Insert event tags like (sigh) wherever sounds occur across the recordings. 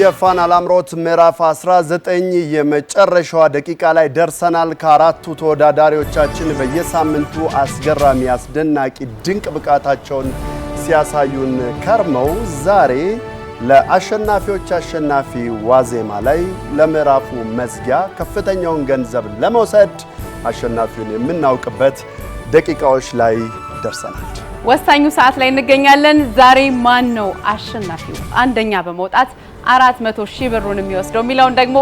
የፋና ላምሮት ምዕራፍ 19 የመጨረሻዋ ደቂቃ ላይ ደርሰናል። ከአራቱ ተወዳዳሪዎቻችን በየሳምንቱ አስገራሚ፣ አስደናቂ ድንቅ ብቃታቸውን ሲያሳዩን ከርመው ዛሬ ለአሸናፊዎች አሸናፊ ዋዜማ ላይ ለምዕራፉ መዝጊያ ከፍተኛውን ገንዘብ ለመውሰድ አሸናፊውን የምናውቅበት ደቂቃዎች ላይ ደርሰናል። ወሳኙ ሰዓት ላይ እንገኛለን። ዛሬ ማን ነው አሸናፊው አንደኛ በመውጣት አራት መቶ ሺህ ብሩን የሚወስደው የሚለውን ደግሞ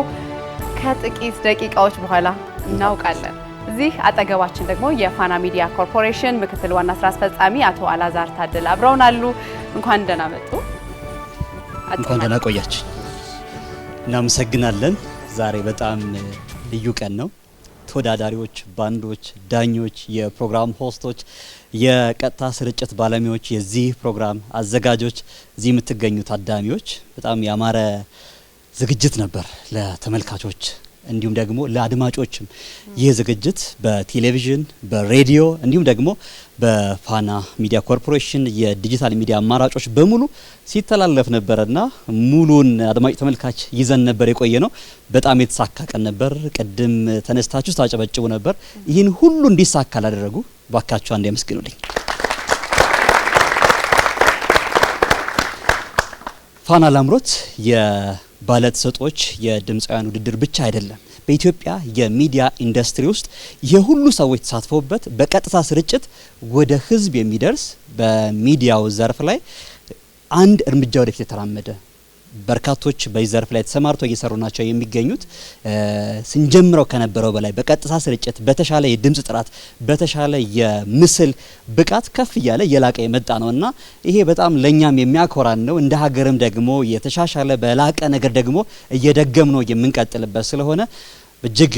ከጥቂት ደቂቃዎች በኋላ እናውቃለን። እዚህ አጠገባችን ደግሞ የፋና ሚዲያ ኮርፖሬሽን ምክትል ዋና ስራ አስፈጻሚ አቶ አላዛር ታደል አሉ። እንኳን ደህና መጡ። እንኳን ደህና ቆያችን። እናመሰግናለን። ዛሬ በጣም ልዩ ቀን ነው። ተወዳዳሪዎች፣ ባንዶች፣ ዳኞች፣ የፕሮግራም ሆስቶች፣ የቀጥታ ስርጭት ባለሙያዎች፣ የዚህ ፕሮግራም አዘጋጆች፣ እዚህ የምትገኙ ታዳሚዎች በጣም ያማረ ዝግጅት ነበር ለተመልካቾች እንዲሁም ደግሞ ለአድማጮችም። ይህ ዝግጅት በቴሌቪዥን በሬዲዮ እንዲሁም ደግሞ በፋና ሚዲያ ኮርፖሬሽን የዲጂታል ሚዲያ አማራጮች በሙሉ ሲተላለፍ ነበረና ሙሉን አድማጭ ተመልካች ይዘን ነበር የቆየ ነው። በጣም የተሳካ ቀን ነበር። ቅድም ተነስታችሁ ታጨበጭቡ ነበር። ይህን ሁሉ እንዲሳካ ላደረጉ ባካችሁ አንድ ያመስግኑልኝ። ፋና ላምሮት የባለተሰጦች ተሰጥኦዎች የድምፃውያን ውድድር ብቻ አይደለም። በኢትዮጵያ የሚዲያ ኢንዱስትሪ ውስጥ የሁሉ ሰዎች ተሳትፈውበት በቀጥታ ስርጭት ወደ ህዝብ የሚደርስ በሚዲያው ዘርፍ ላይ አንድ እርምጃ ወደፊት የተራመደ በርካቶች በዚህ ዘርፍ ላይ ተሰማርተው እየሰሩ ናቸው የሚገኙት። ስንጀምረው ከነበረው በላይ በቀጥታ ስርጭት፣ በተሻለ የድምፅ ጥራት፣ በተሻለ የምስል ብቃት ከፍ እያለ እየላቀ የመጣ ነው እና ይሄ በጣም ለእኛም የሚያኮራን ነው። እንደ ሀገርም ደግሞ የተሻሻለ በላቀ ነገር ደግሞ እየደገም ነው የምንቀጥልበት ስለሆነ እጅግ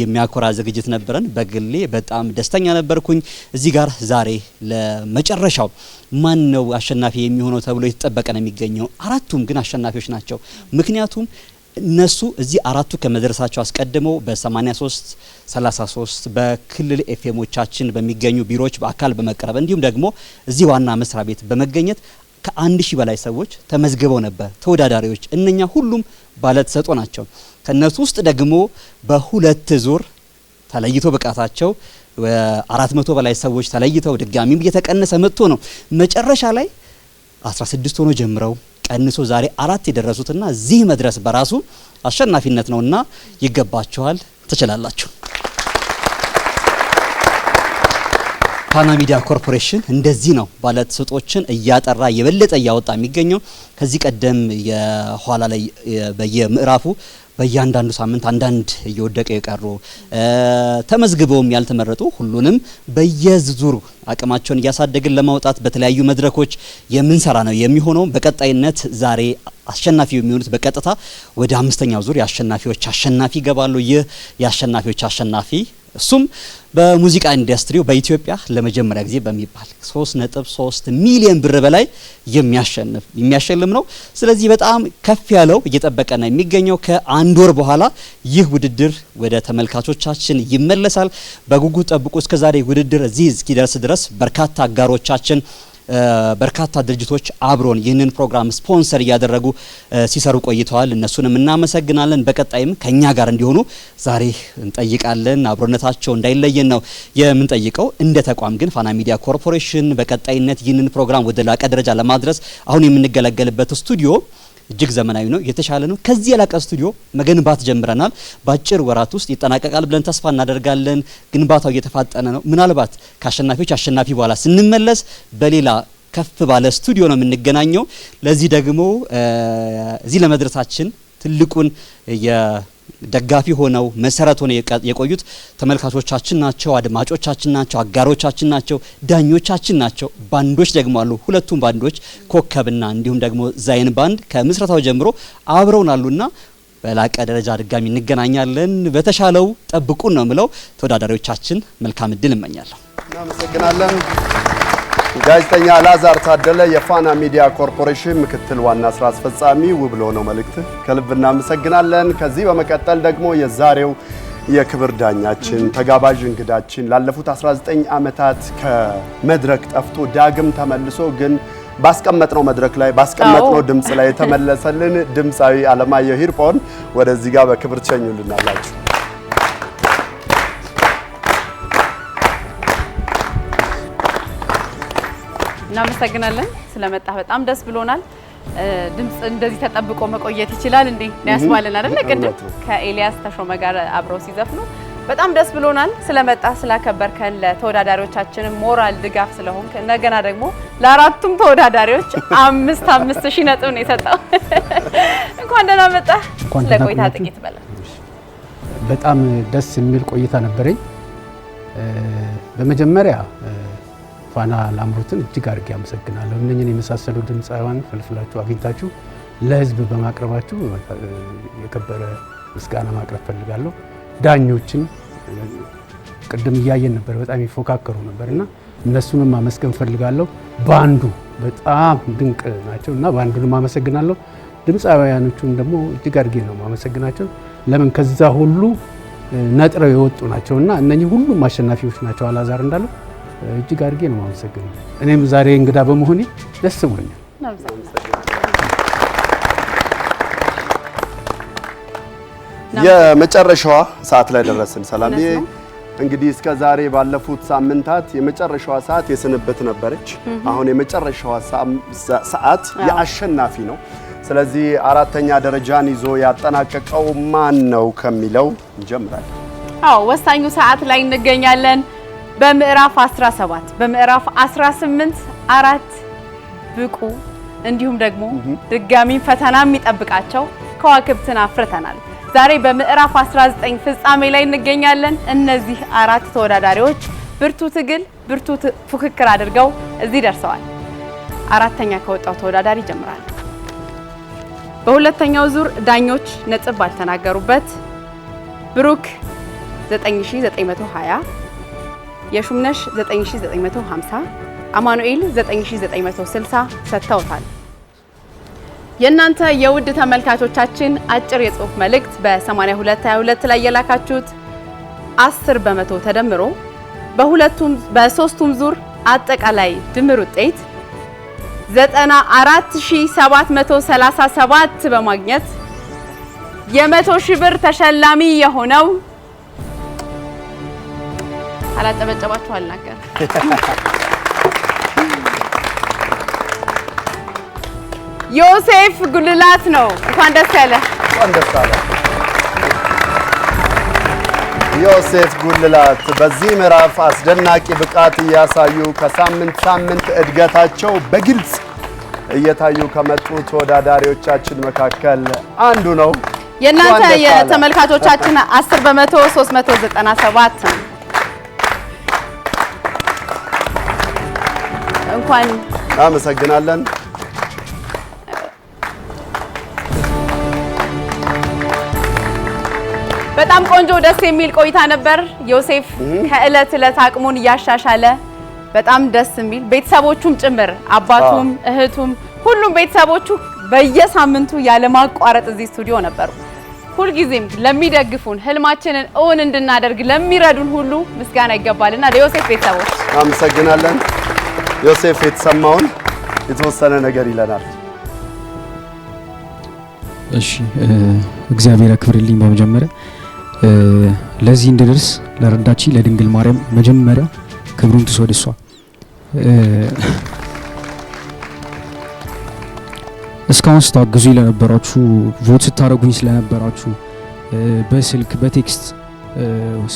የሚያኮራ ዝግጅት ነበረን። በግሌ በጣም ደስተኛ ነበርኩኝ። እዚህ ጋር ዛሬ ለመጨረሻው ማን ነው አሸናፊ የሚሆነው ተብሎ የተጠበቀ ነው የሚገኘው። አራቱም ግን አሸናፊዎች ናቸው። ምክንያቱም እነሱ እዚህ አራቱ ከመድረሳቸው አስቀድመው በ83 33 በክልል ኤፍኤሞቻችን በሚገኙ ቢሮዎች በአካል በመቅረብ እንዲሁም ደግሞ እዚህ ዋና መስሪያ ቤት በመገኘት ከአንድ ሺህ በላይ ሰዎች ተመዝግበው ነበር ተወዳዳሪዎች። እነኛ ሁሉም ባለተሰጦ ናቸው። ከእነሱ ውስጥ ደግሞ በሁለት ዙር ተለይቶ ብቃታቸው አራት መቶ በላይ ሰዎች ተለይተው ድጋሚም እየተቀነሰ መጥቶ ነው መጨረሻ ላይ 16 ሆኖ ጀምረው ቀንሶ ዛሬ አራት የደረሱትና እዚህ መድረስ በራሱ አሸናፊነት ነውና ይገባቸዋል ትችላላችሁ። ፋና ሚዲያ ኮርፖሬሽን እንደዚህ ነው ባለተሰጦችን እያጠራ የበለጠ እያወጣ የሚገኘው። ከዚህ ቀደም የኋላ ላይ በየምዕራፉ በእያንዳንዱ ሳምንት አንዳንድ እየወደቀ የቀሩ ተመዝግበውም ያልተመረጡ ሁሉንም በየዙሩ አቅማቸውን እያሳደግን ለማውጣት በተለያዩ መድረኮች የምንሰራ ነው የሚሆነው። በቀጣይነት ዛሬ አሸናፊ የሚሆኑት በቀጥታ ወደ አምስተኛው ዙር የአሸናፊዎች አሸናፊ ይገባሉ። ይህ የአሸናፊዎች አሸናፊ እሱም በሙዚቃ ኢንዱስትሪው በኢትዮጵያ ለመጀመሪያ ጊዜ በሚባል 3.3 ሚሊዮን ብር በላይ የሚያሸንፍ የሚያሸልም ነው። ስለዚህ በጣም ከፍ ያለው እየጠበቀ ነው የሚገኘው። ከአንድ ወር በኋላ ይህ ውድድር ወደ ተመልካቾቻችን ይመለሳል። በጉጉት ጠብቁ። እስከዛሬ ውድድር እዚህ እስኪደርስ ድረስ በርካታ አጋሮቻችን በርካታ ድርጅቶች አብሮን ይህንን ፕሮግራም ስፖንሰር እያደረጉ ሲሰሩ ቆይተዋል። እነሱንም እናመሰግናለን። በቀጣይም ከእኛ ጋር እንዲሆኑ ዛሬ እንጠይቃለን። አብሮነታቸው እንዳይለየን ነው የምንጠይቀው። እንደ ተቋም ግን ፋና ሚዲያ ኮርፖሬሽን በቀጣይነት ይህንን ፕሮግራም ወደ ላቀ ደረጃ ለማድረስ አሁን የምንገለገልበት ስቱዲዮ እጅግ ዘመናዊ ነው፣ የተሻለ ነው። ከዚህ የላቀ ስቱዲዮ መገንባት ጀምረናል። በአጭር ወራት ውስጥ ይጠናቀቃል ብለን ተስፋ እናደርጋለን። ግንባታው እየተፋጠነ ነው። ምናልባት ከአሸናፊዎች አሸናፊ በኋላ ስንመለስ በሌላ ከፍ ባለ ስቱዲዮ ነው የምንገናኘው። ለዚህ ደግሞ እዚህ ለመድረሳችን ትልቁን ደጋፊ ሆነው መሰረት ሆነው የቆዩት ተመልካቾቻችን ናቸው፣ አድማጮቻችን ናቸው፣ አጋሮቻችን ናቸው፣ ዳኞቻችን ናቸው። ባንዶች ደግሞ አሉ። ሁለቱም ባንዶች ኮከብና እንዲሁም ደግሞ ዛይን ባንድ ከምስረታው ጀምሮ አብረውን አሉና በላቀ ደረጃ ድጋሚ እንገናኛለን። በተሻለው ጠብቁን ነው ምለው። ተወዳዳሪዎቻችን መልካም እድል እመኛለሁ። እናመሰግናለን። ጋዜጠኛ አልዓዛር ታደለ የፋና ሚዲያ ኮርፖሬሽን ምክትል ዋና ስራ አስፈጻሚ፣ ውብ ለሆነው መልእክት ከልብ እናመሰግናለን። ከዚህ በመቀጠል ደግሞ የዛሬው የክብር ዳኛችን ተጋባዥ እንግዳችን ላለፉት 19 ዓመታት ከመድረክ ጠፍቶ ዳግም ተመልሶ ግን ባስቀመጥነው መድረክ ላይ ባስቀመጥነው ድምፅ ላይ የተመለሰልን ድምፃዊ አለማየሁ ሂርፖን ወደዚህ ጋር በክብር ቸኙልናላችሁ። እናመሰግናለን ስለመጣ በጣም ደስ ብሎናል። ድምጽ እንደዚህ ተጠብቆ መቆየት ይችላል እንዴ ያስባልን አይደለ? ቅድም ከኤልያስ ተሾመ ጋር አብረው ሲዘፍኑ በጣም ደስ ብሎናል ስለመጣ ስላከበርከን፣ ለተወዳዳሪዎቻችንም ሞራል ድጋፍ ስለሆንክ እንደገና ደግሞ ለአራቱም ተወዳዳሪዎች አምስት አምስት ሺህ ነጥብ ነው የሰጠው። (laughs) እንኳን ደህና መጣ። ለቆይታ ጥቂት በለ። በጣም ደስ የሚል ቆይታ ነበረኝ። በመጀመሪያ ፋና ላምሮትን እጅግ አድርጌ አመሰግናለሁ። እነኝን የመሳሰሉ ድምፃውያን ፈልፍላችሁ አግኝታችሁ ለህዝብ በማቅረባችሁ የከበረ ምስጋና ማቅረብ ፈልጋለሁ። ዳኞችን ቅድም እያየን ነበር፣ በጣም ይፎካከሩ ነበር እና እነሱንም ማመስገን ፈልጋለሁ። ባንዱ በጣም ድንቅ ናቸው እና ባንዱንም አመሰግናለሁ። ድምፃውያኖቹን ደግሞ እጅግ አድርጌ ነው ማመሰግናቸው። ለምን ከዛ ሁሉ ነጥረው የወጡ ናቸው እና እነኚህ ሁሉም አሸናፊዎች ናቸው። አላዛር እንዳለው እጅግ አድርጌ ነው የማመሰግነው። እኔም ዛሬ እንግዳ በመሆኔ ደስ ብሎኛል። የመጨረሻዋ ሰዓት ላይ ደረስን። ሰላምዬ እንግዲህ እስከ ዛሬ ባለፉት ሳምንታት የመጨረሻዋ ሰዓት የስንብት ነበረች። አሁን የመጨረሻዋ ሰዓት የአሸናፊ ነው። ስለዚህ አራተኛ ደረጃን ይዞ ያጠናቀቀው ማን ነው ከሚለው እንጀምራለን። አዎ ወሳኙ ሰዓት ላይ እንገኛለን። በምዕራፍ 17 በምዕራፍ 18 አራት ብቁ እንዲሁም ደግሞ ድጋሚ ፈተና የሚጠብቃቸው ከዋክብትን አፍርተናል። ዛሬ በምዕራፍ 19 ፍጻሜ ላይ እንገኛለን። እነዚህ አራት ተወዳዳሪዎች ብርቱ ትግል፣ ብርቱ ፉክክር አድርገው እዚህ ደርሰዋል። አራተኛ ከወጣው ተወዳዳሪ ይጀምራል። በሁለተኛው ዙር ዳኞች ነጥብ ባልተናገሩበት ብሩክ 9920 የሹምነሽ 9950 አማኑኤል 9960 ሰጥተውታል። የእናንተ የውድ ተመልካቾቻችን አጭር የጽሁፍ መልእክት በ8222 ላይ የላካችሁት 10 በመቶ ተደምሮ በሁለቱም በሶስቱም ዙር አጠቃላይ ድምር ውጤት 94737 በማግኘት የመቶ ሺህ ብር ተሸላሚ የሆነው ካላጨበጨባችሁ አልናገርም። (laughs) ዮሴፍ ጉልላት ነው። እንኳን ደስ ያለ እንኳን ደስ አለ ዮሴፍ ጉልላት። በዚህ ምዕራፍ አስደናቂ ብቃት እያሳዩ ከሳምንት ሳምንት እድገታቸው በግልጽ እየታዩ ከመጡ ተወዳዳሪዎቻችን መካከል አንዱ ነው። የእናንተ የተመልካቾቻችን 10 በመቶ 397 ነው። እንኳን አመሰግናለን። በጣም ቆንጆ ደስ የሚል ቆይታ ነበር። ዮሴፍ ከእለት እለት አቅሙን እያሻሻለ በጣም ደስ የሚል ቤተሰቦቹም ጭምር አባቱም፣ እህቱም፣ ሁሉም ቤተሰቦቹ በየሳምንቱ ያለማቋረጥ እዚህ ስቱዲዮ ነበሩ። ሁልጊዜም ለሚደግፉን ህልማችንን እውን እንድናደርግ ለሚረዱን ሁሉ ምስጋና ይገባልና ለዮሴፍ ቤተሰቦች አመሰግናለን። ዮሴፍ የተሰማውን የተወሰነ ነገር ይለናል። እሺ እግዚአብሔር ያክብርልኝ። በመጀመሪያ ለዚህ እንድደርስ ለረዳች ለድንግል ማርያም መጀመሪያ ክብሩን ትስወድ እሷ እስካሁን ስታግዙ ለነበራችሁ፣ ቮት ስታደረጉኝ ስለነበራችሁ፣ በስልክ በቴክስት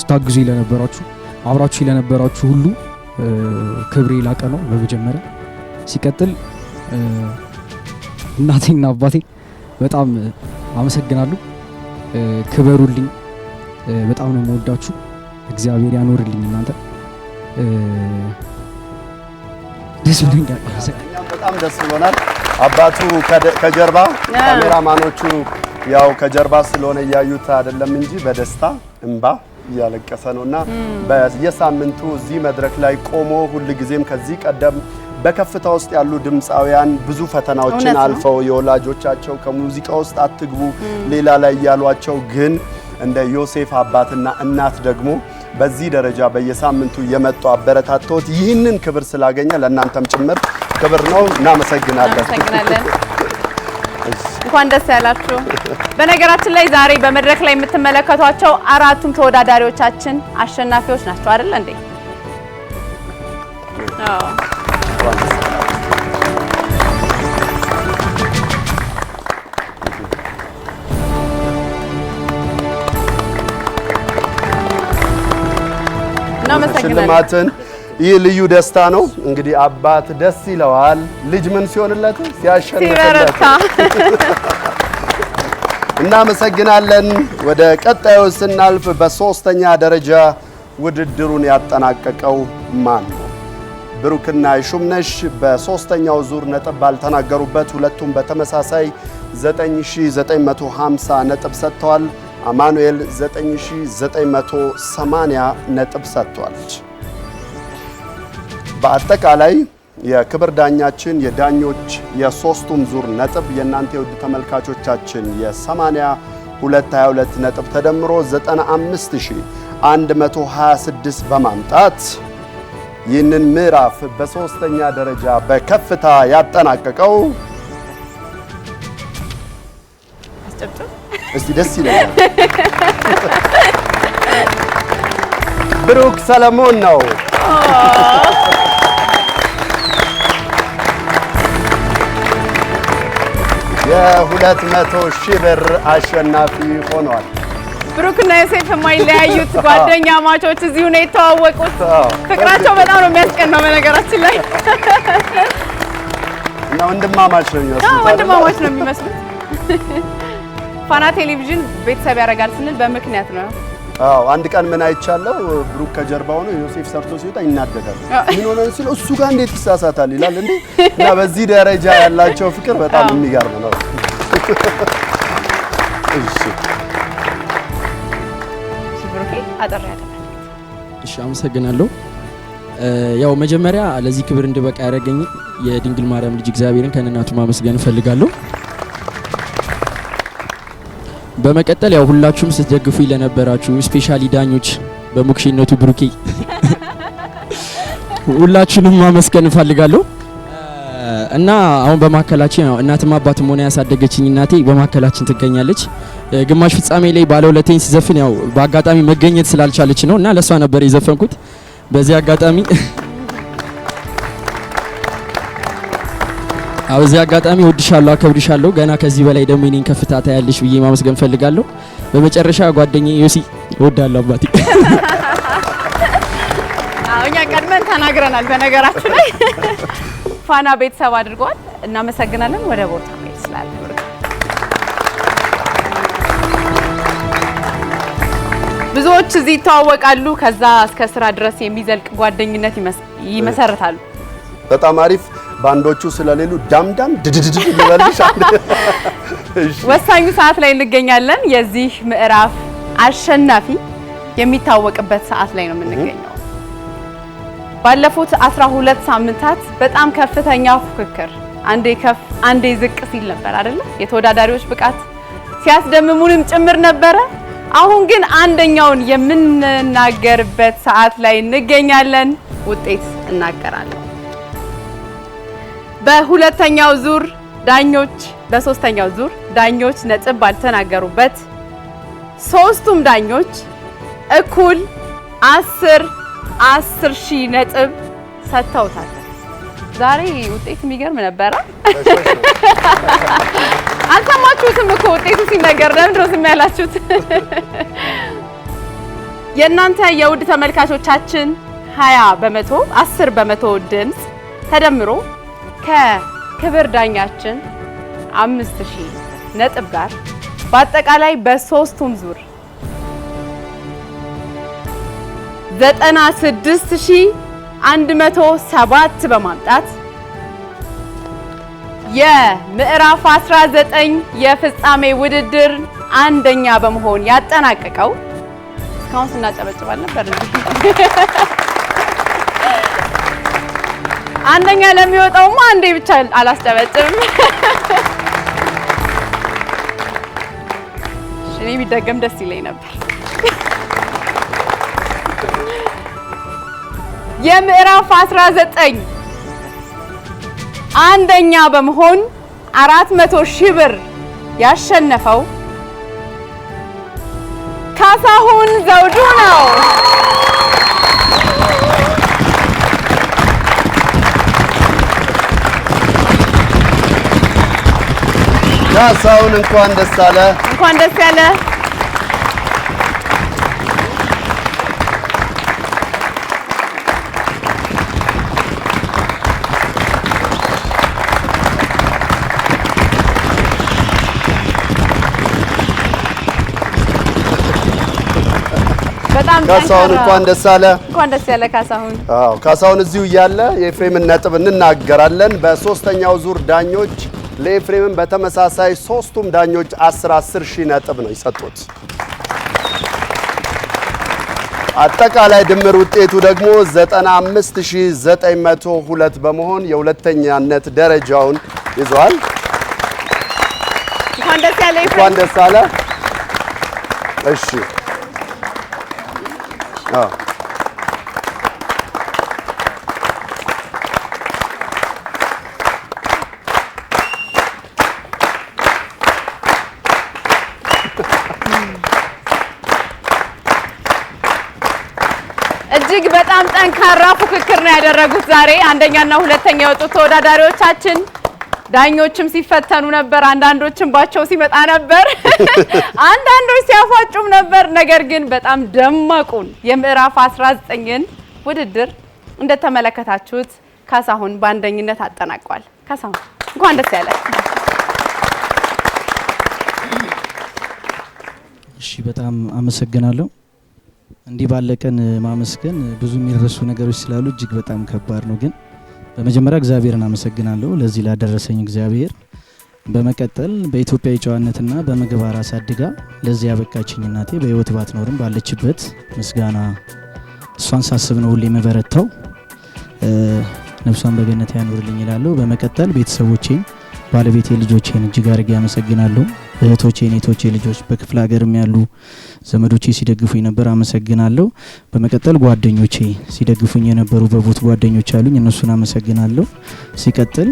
ስታግዙ ለነበራችሁ፣ አብራችሁ ለነበራችሁ ሁሉ ክብሬ ላቀ ነው በመጀመሪያ ሲቀጥል እናቴና አባቴ በጣም አመሰግናለሁ። ክበሩልኝ። በጣም ነው ወዳችሁ እግዚአብሔር ያኖርልኝ። እናንተ ደስ ብሎኛል። በጣም ደስ ብሎናል። አባቱ ከጀርባ ካሜራማኖቹ ያው ከጀርባ ስለሆነ እያዩት አይደለም እንጂ በደስታ እንባ እያለቀሰ ነው እና በየሳምንቱ እዚህ መድረክ ላይ ቆሞ ጊዜም ከዚህ ቀደም በከፍታ ውስጥ ያሉ ድምፃውያን ብዙ ፈተናዎችን አልፈው የወላጆቻቸው ከሙዚቃ ውስጥ አትግቡ ሌላ ላይ ያሏቸው ግን እንደ ዮሴፍ አባትና እናት ደግሞ በዚህ ደረጃ በየሳምንቱ እየመጡ አበረታቶት ይህንን ክብር ስላገኘ ለእናንተም ጭምር ክብር ነው። እናመሰግናለን። እንኳን ደስ ያላችሁ። በነገራችን ላይ ዛሬ በመድረክ ላይ የምትመለከቷቸው አራቱም ተወዳዳሪዎቻችን አሸናፊዎች ናቸው አይደል እንዴ? እናመሰግናለን። ይህ ልዩ ደስታ ነው። እንግዲህ አባት ደስ ይለዋል ልጅ ምን ሲሆንለት ሲያሸንፍለት። (laughs) እናመሰግናለን። ወደ ቀጣዩ ስናልፍ በሶስተኛ ደረጃ ውድድሩን ያጠናቀቀው ማን ነው? ብሩክና ሹምነሽ በሶስተኛው ዙር ነጥብ ባልተናገሩበት ሁለቱም በተመሳሳይ 9950 ነጥብ ሰጥተዋል። አማኑኤል 9980 ነጥብ ሰጥቷል። በአጠቃላይ የክብር ዳኛችን የዳኞች የሶስቱም ዙር ነጥብ የእናንተ የውድ ተመልካቾቻችን የ8222 ነጥብ ተደምሮ 95126 በማምጣት ይህንን ምዕራፍ በሶስተኛ ደረጃ በከፍታ ያጠናቀቀው እስቲ ደስ ይለኛል (laughs) ብሩክ ሰለሞን ነው። የሁለት መቶ ሺህ ብር አሸናፊ ሆኗል። ብሩክና ዮሴፍ የማይለያዩት (laughs) ጓደኛ ማቾች እዚሁ ነው የተዋወቁት። ፍቅራቸው በጣም ነው የሚያስቀናው። በነገራችን ላይ እና ወንድማማች ነው የሚመስሉት፣ ወንድማማች ነው የሚመስሉት። (laughs) ፋና ቴሌቪዥን ቤተሰብ ያደርጋል ስንል በምክንያት ነው። አዎ አንድ ቀን ምን አይቻለው፣ ብሩክ ከጀርባ ሆኖ ዮሴፍ ሰርቶ ሲወጣ ይናደዳል። ምን ሆነ ሲለው እሱ ጋር እንዴት ይሳሳታል ይላል እንዴ። እና በዚህ ደረጃ ያላቸው ፍቅር በጣም የሚገርም ነው። እሺ እሺ። አመሰግናለሁ። ያው መጀመሪያ ለዚህ ክብር እንድበቃ ያደረገኝ የድንግል ማርያም ልጅ እግዚአብሔርን ከነናቱ ማመስገን እፈልጋለሁ። በመቀጠል ያው ሁላችሁም ስትደግፉ ለነበራችሁ ስፔሻሊ ዳኞች በሙክሽነቱ ብሩኬ (laughs) ሁላችሁንም ማመስገን እፈልጋለሁ እና አሁን በማካከላችን ያው እናትም አባትም ሆነ ያሳደገችኝ እናቴ በማካከላችን ትገኛለች። ግማሽ ፍጻሜ ላይ ባለ ሁለተኝ ሲዘፍን ያው በአጋጣሚ መገኘት ስላልቻለች ነው እና ለሷ ነበር የዘፈንኩት በዚህ አጋጣሚ (laughs) በዚህ አጋጣሚ ወድሻለሁ፣ አከብድሻለሁ። ገና ከዚህ በላይ ደግሞ እኔን ከፍታ ታያለሽ ብዬ ማመስገን ፈልጋለሁ። በመጨረሻ ጓደኛዬ ዮሲ እወዳለሁ አባቴ። እኛ ቀድመን ተናግረናል። በነገራችን ላይ ፋና ቤተሰብ አድርጓል። እናመሰግናለን። ወደ ቦታ ስላለ ብዙዎች እዚህ ይተዋወቃሉ። ከዛ እስከ ስራ ድረስ የሚዘልቅ ጓደኝነት ይመሰርታሉ። በጣም አሪፍ ባንዶቹ ስለሌሉ ዳምዳም ድድድድ ይበልሽ። (laughs) ወሳኙ ሰዓት ላይ እንገኛለን። የዚህ ምዕራፍ አሸናፊ የሚታወቅበት ሰዓት ላይ ነው የምንገኘው። ባለፉት 12 ሳምንታት በጣም ከፍተኛ ፉክክር፣ አንዴ ከፍ አንዴ ዝቅ ሲል ነበር አይደለ? የተወዳዳሪዎች ብቃት ሲያስደምሙንም ጭምር ነበረ። አሁን ግን አንደኛውን የምንናገርበት ሰዓት ላይ እንገኛለን። ውጤት እናገራለን። በሁለተኛው ዙር ዳኞች በሶስተኛው ዙር ዳኞች ነጥብ ባልተናገሩበት ሶስቱም ዳኞች እኩል አስር አስር ሺህ ነጥብ ሰጥተውታል። ዛሬ ውጤት የሚገርም ነበረ። (laughs) አልሰማችሁትም እኮ ውጤቱ ሲነገር ለምንድን ነው ዝም ያላችሁት? (laughs) የእናንተ የውድ ተመልካቾቻችን 20 በመቶ 10 በመቶ ድምፅ ተደምሮ ከክብር ዳኛችን አምስት ሺህ ነጥብ ጋር በአጠቃላይ በሶስቱም ዙር ዘጠና ስድስት ሺህ አንድ መቶ ሰባት በማምጣት የምዕራፍ 19 የፍጻሜ ውድድር አንደኛ በመሆን ያጠናቀቀው እስካሁን ስናጨበጭባል ነበር። አንደኛ ለሚወጣውማ አንዴ ብቻ አላስጨበጭም። (laughs) እኔ ቢደገም ደስ ይለኝ ነበር። (laughs) የምዕራፍ 19 አንደኛ በመሆን 400 ሺህ ብር ያሸነፈው ካሳሁን ዘውዱ ነው። ካሳሁን እንኳን ደስ አለ። እንኳን ደስ ያለ። ካሳሁን እንኳን ደስ አለ። እንኳን ደስ ያለ ካሳሁን። አዎ ካሳሁን እዚሁ እያለ የፍሬምን ነጥብ እንናገራለን። በሶስተኛው ዙር ዳኞች ለኤፍሬምም በተመሳሳይ ሶስቱም ዳኞች 10 10 ሺህ ነጥብ ነው የሰጡት። አጠቃላይ ድምር ውጤቱ ደግሞ 95902 በመሆን የሁለተኛነት ደረጃውን ይዟል። እንኳን ደስ አለ። እሺ እጅግ በጣም ጠንካራ ፉክክር ነው ያደረጉት ዛሬ። አንደኛና ሁለተኛ የወጡት ተወዳዳሪዎቻችን ዳኞችም ሲፈተኑ ነበር። አንዳንዶችም ባቸው ሲመጣ ነበር። (laughs) አንዳንዶች ሲያፏጩም ነበር። ነገር ግን በጣም ደማቁን የምዕራፍ 19ን ውድድር እንደተመለከታችሁት ካሳሁን በአንደኝነት አጠናቋል። ካሳሁን እንኳን ደስ ያለ። እሺ፣ በጣም አመሰግናለሁ። እንዲህ ባለ ቀን ማመስገን ብዙ የሚረሱ ነገሮች ስላሉ እጅግ በጣም ከባድ ነው። ግን በመጀመሪያ እግዚአብሔርን አመሰግናለሁ ለዚህ ላደረሰኝ እግዚአብሔር። በመቀጠል በኢትዮጵያ ጨዋነትና በምግባር አሳድጋ ለዚህ ያበቃችኝ እናቴ በህይወት ባትኖርም ባለችበት ምስጋና እሷን ሳስብ ነው ሁሌ የምበረታው። ነፍሷን በገነት ያኖርልኝ ይላለሁ። በመቀጠል ቤተሰቦቼን፣ ባለቤቴ፣ ልጆቼን እጅግ አድርጌ አመሰግናለሁ። እህቶቼ፣ ኔቶቼ ልጆች በክፍለ ሀገርም ያሉ ዘመዶቼ ሲደግፉኝ ነበር። አመሰግናለሁ። በመቀጠል ጓደኞቼ ሲደግፉኝ የነበሩ በቦት ጓደኞች አሉኝ። እነሱን አመሰግናለሁ። ሲቀጥል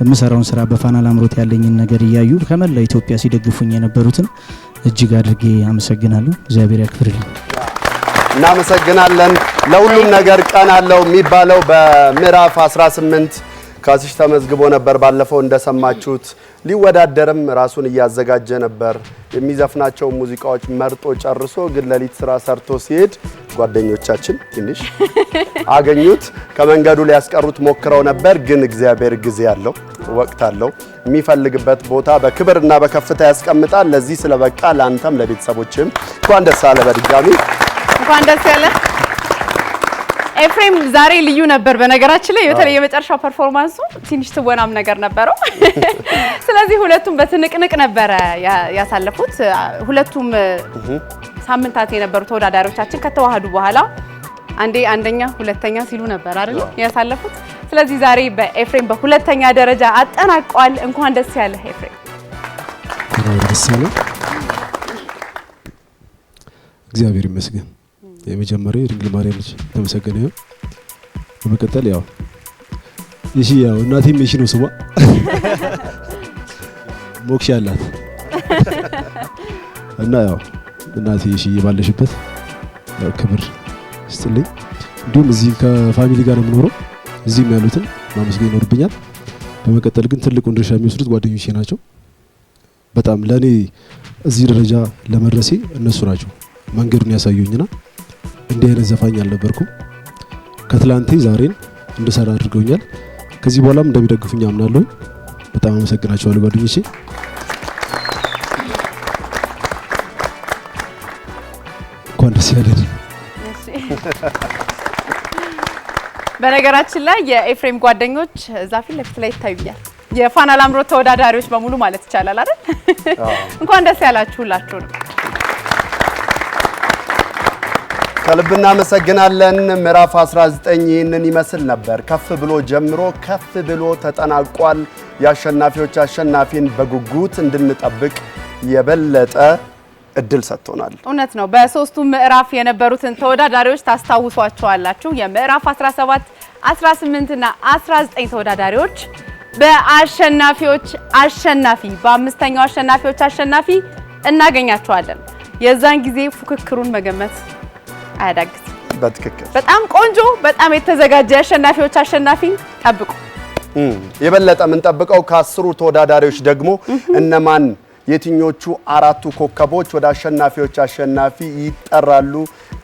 የምሰራውን ስራ በፋና ላምሮት ያለኝን ነገር እያዩ ከመላ ኢትዮጵያ ሲደግፉኝ የነበሩትን እጅግ አድርጌ አመሰግናለሁ። እግዚአብሔር ያክብርልኝ። እናመሰግናለን። ለሁሉም ነገር ቀን አለው የሚባለው በምዕራፍ 18 ከሲሽ ተመዝግቦ ነበር። ባለፈው እንደሰማችሁት ሊወዳደርም ራሱን እያዘጋጀ ነበር። የሚዘፍናቸው ሙዚቃዎች መርጦ ጨርሶ ግን ለሊት ስራ ሰርቶ ሲሄድ ጓደኞቻችን ትንሽ (laughs) አገኙት። ከመንገዱ ሊያስቀሩት ሞክረው ነበር። ግን እግዚአብሔር ጊዜ አለው፣ ወቅት አለው። የሚፈልግበት ቦታ በክብርና በከፍታ ያስቀምጣል። ለዚህ ስለበቃ ለአንተም ለቤተሰቦችም እንኳን ደስ አለ በድጋሚ እንኳን ደስ ያለ ኤፍሬም ዛሬ ልዩ ነበር። በነገራችን ላይ በተለይ የመጨረሻው ፐርፎርማንሱ ትንሽ ትወናም ነገር ነበረው። (laughs) ስለዚህ ሁለቱም በትንቅንቅ ነበረ ያሳለፉት። ሁለቱም ሳምንታት የነበሩ ተወዳዳሪዎቻችን ከተዋሃዱ በኋላ አንዴ አንደኛ፣ ሁለተኛ ሲሉ ነበር አይደል ያሳለፉት። ስለዚህ ዛሬ በኤፍሬም በሁለተኛ ደረጃ አጠናቋል። እንኳን ደስ ያለ ኤፍሬም። እግዚአብሔር ይመስገን። የመጀመሪያው የድንግል ማርያም ልጅ ተመሰገነ። በመቀጠል ያው እሺ፣ ያው እናቴም እሺ ነው ስሟ (laughs) ሞክሽ ያላት እና ያው እናቴ እሺ ባለሽበት ያው ክብር ስትልኝ፣ እንዲሁም እዚህ ከፋሚሊ ጋር ነው የምኖረው። እዚህም ያሉትን ማመስገን ይኖርብኛል። በመቀጠል ግን ትልቁን ድርሻ የሚወስዱት ጓደኞቼ ናቸው። በጣም ለእኔ እዚህ ደረጃ ለመድረሴ እነሱ ናቸው መንገዱን ያሳዩኝና እንዲህ አይነት ዘፋኝ አልነበርኩም። ከትላንቴ ዛሬን እንድሰራ አድርገውኛል። ከዚህ በኋላም እንደሚደግፉኝ አምናለሁ። በጣም አመሰግናቸዋለሁ ጓደኞቼ። እንኳን ደስ ያለን። በነገራችን ላይ የኤፍሬም ጓደኞች እዛ ፊት ለፊት ላይ ይታዩኛል። የፋና ላምሮት ተወዳዳሪዎች በሙሉ ማለት ይቻላል አይደል? እንኳን ደስ ያላችሁ ሁላችሁ ነው። ከልብ እናመሰግናለን። ምዕራፍ 19 ይህንን ይመስል ነበር። ከፍ ብሎ ጀምሮ ከፍ ብሎ ተጠናቋል። የአሸናፊዎች አሸናፊን በጉጉት እንድንጠብቅ የበለጠ እድል ሰጥቶናል። እውነት ነው። በሶስቱ ምዕራፍ የነበሩትን ተወዳዳሪዎች ታስታውሷቸዋላችሁ። የምዕራፍ 17፣ 18 እና 19 ተወዳዳሪዎች በአሸናፊዎች አሸናፊ በአምስተኛው አሸናፊዎች አሸናፊ እናገኛቸዋለን። የዛን ጊዜ ፉክክሩን መገመት አያዳግትም። በትክክል በጣም ቆንጆ፣ በጣም የተዘጋጀ የአሸናፊዎች አሸናፊ ጠብቁ። የበለጠ የምንጠብቀው ከአስሩ ተወዳዳሪዎች ደግሞ እነማን የትኞቹ አራቱ ኮከቦች ወደ አሸናፊዎች አሸናፊ ይጠራሉ?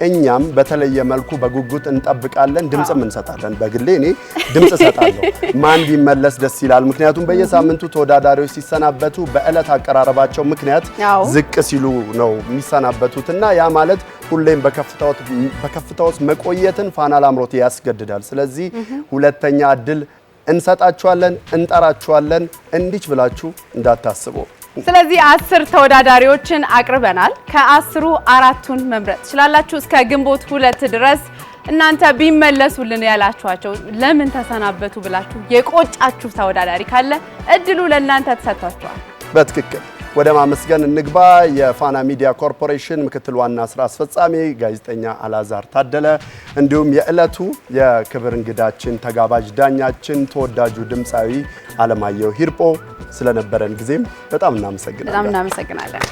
እኛም በተለየ መልኩ በጉጉት እንጠብቃለን፣ ድምፅም እንሰጣለን። በግሌ እኔ ድምፅ እሰጣለሁ። ማን ቢመለስ ደስ ይላል? ምክንያቱም በየሳምንቱ ተወዳዳሪዎች ሲሰናበቱ በዕለት አቀራረባቸው ምክንያት ዝቅ ሲሉ ነው የሚሰናበቱት እና ያ ማለት ሁሌም በከፍታ ውስጥ መቆየትን ፋና ላምሮት ያስገድዳል። ስለዚህ ሁለተኛ እድል እንሰጣችኋለን፣ እንጠራችኋለን። እንዲች ብላችሁ እንዳታስቡ። ስለዚህ አስር ተወዳዳሪዎችን አቅርበናል። ከአስሩ አራቱን መምረጥ ትችላላችሁ። እስከ ግንቦት ሁለት ድረስ እናንተ ቢመለሱልን ያላችኋቸው ለምን ተሰናበቱ ብላችሁ የቆጫችሁ ተወዳዳሪ ካለ እድሉ ለእናንተ ተሰጥቷችኋል። በትክክል ወደ ማመስገን እንግባ። የፋና ሚዲያ ኮርፖሬሽን ምክትል ዋና ስራ አስፈጻሚ ጋዜጠኛ አላዛር ታደለ እንዲሁም የዕለቱ የክብር እንግዳችን ተጋባዥ ዳኛችን ተወዳጁ ድምፃዊ አለማየሁ ሂርጶ ስለነበረን ጊዜም በጣም እናመሰግናለን። በጣም እናመሰግናለን።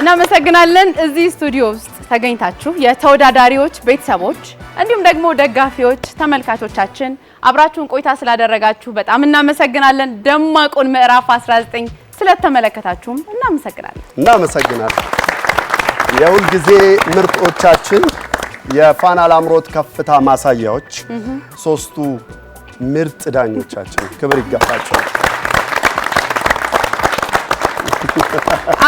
እናመሰግናለን እዚህ ስቱዲዮ ውስጥ ተገኝታችሁ የተወዳዳሪዎች ቤተሰቦች እንዲሁም ደግሞ ደጋፊዎች፣ ተመልካቾቻችን አብራችሁን ቆይታ ስላደረጋችሁ በጣም እናመሰግናለን። ደማቁን ምዕራፍ 19 ስለተመለከታችሁም እናመሰግናለን። እናመሰግናለን። የሁል ጊዜ ምርጦቻችን የፋና ላምሮት ከፍታ ማሳያዎች ሶስቱ ምርጥ ዳኞቻችን ክብር ይገባቸዋል።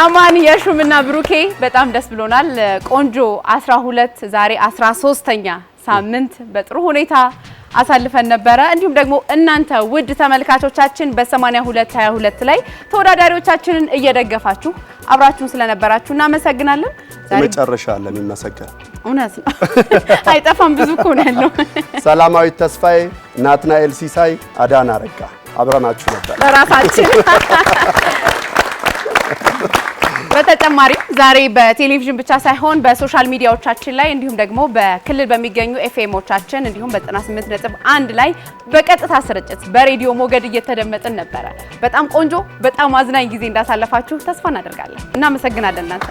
አማን የሹምና ብሩኬ በጣም ደስ ብሎናል። ቆንጆ 12 ዛሬ 13ኛ ሳምንት በጥሩ ሁኔታ አሳልፈን ነበረ። እንዲሁም ደግሞ እናንተ ውድ ተመልካቾቻችን በ8222 ላይ ተወዳዳሪዎቻችንን እየደገፋችሁ አብራችሁን ስለነበራችሁ እናመሰግናለን። መጨረሻ አለ የሚመሰገን እውነት ነው፣ (laughs) አይጠፋም። ብዙ እኮ ነው ያለው። (laughs) ሰላማዊት ተስፋዬ፣ ናትናኤል ሲሳይ፣ አዳን አረጋ አብረናችሁ ነበር ለራሳችን (laughs) በተጨማሪም ዛሬ በቴሌቪዥን ብቻ ሳይሆን በሶሻል ሚዲያዎቻችን ላይ እንዲሁም ደግሞ በክልል በሚገኙ ኤፍኤሞቻችን እንዲሁም በ98 ነጥብ አንድ ላይ በቀጥታ ስርጭት በሬዲዮ ሞገድ እየተደመጥን ነበረ። በጣም ቆንጆ፣ በጣም አዝናኝ ጊዜ እንዳሳለፋችሁ ተስፋ እናደርጋለን። እናመሰግናለን። እናንተ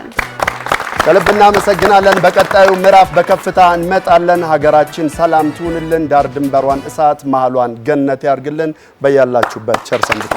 ከልብ እናመሰግናለን። በቀጣዩ ምዕራፍ በከፍታ እንመጣለን። ሀገራችን ሰላም ትሁንልን፣ ዳር ድንበሯን እሳት መሀሏን ገነት ያርግልን። በያላችሁበት ቸር ሰንብቱ።